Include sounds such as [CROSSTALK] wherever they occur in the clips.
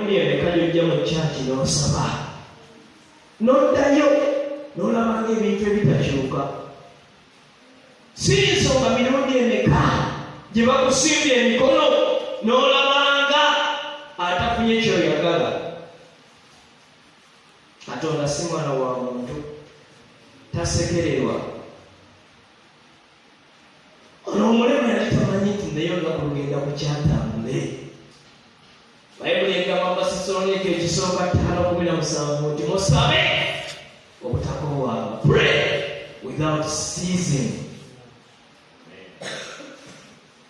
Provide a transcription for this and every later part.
nionekane jambo chachi nosaba noddayo n'olabanga ebintu ebitakyuka si nsonga mirundi emeka gye bakusimbye emikono n'olabanga atafunye kyoyagala katonda si mwana wa muntu tasekererwa ono omulema yali tamanyi nti nga kulugenda kukyatambule bayibuli egamba mbasisoneke ekisooka ttaano kumi na musanvu nti musabe pray without ceasing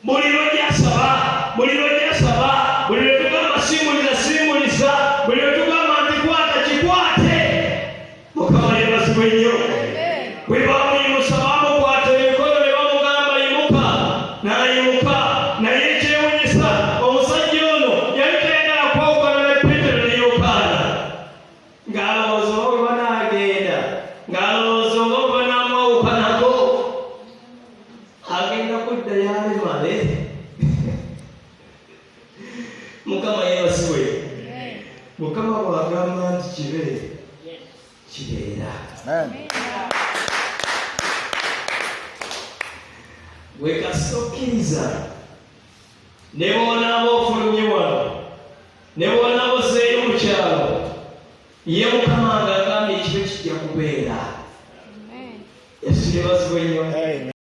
muliro gyasaba muliro gyasaba buli lwe tugamba simuliza simuliza buli lwe tugamba nti kwata kikwate mukama yebazibu ennyo bwe [LAUGHS] mukama yebasibwe mukama bwagamba nti kibe kibeera wekasita okkiriza ne boonaaba ofulumye wano ne boonaaba ozeeyo mu kyalo ye mukama ng'agambye ekibe kijja kubeera yesu yebasibwe nnyo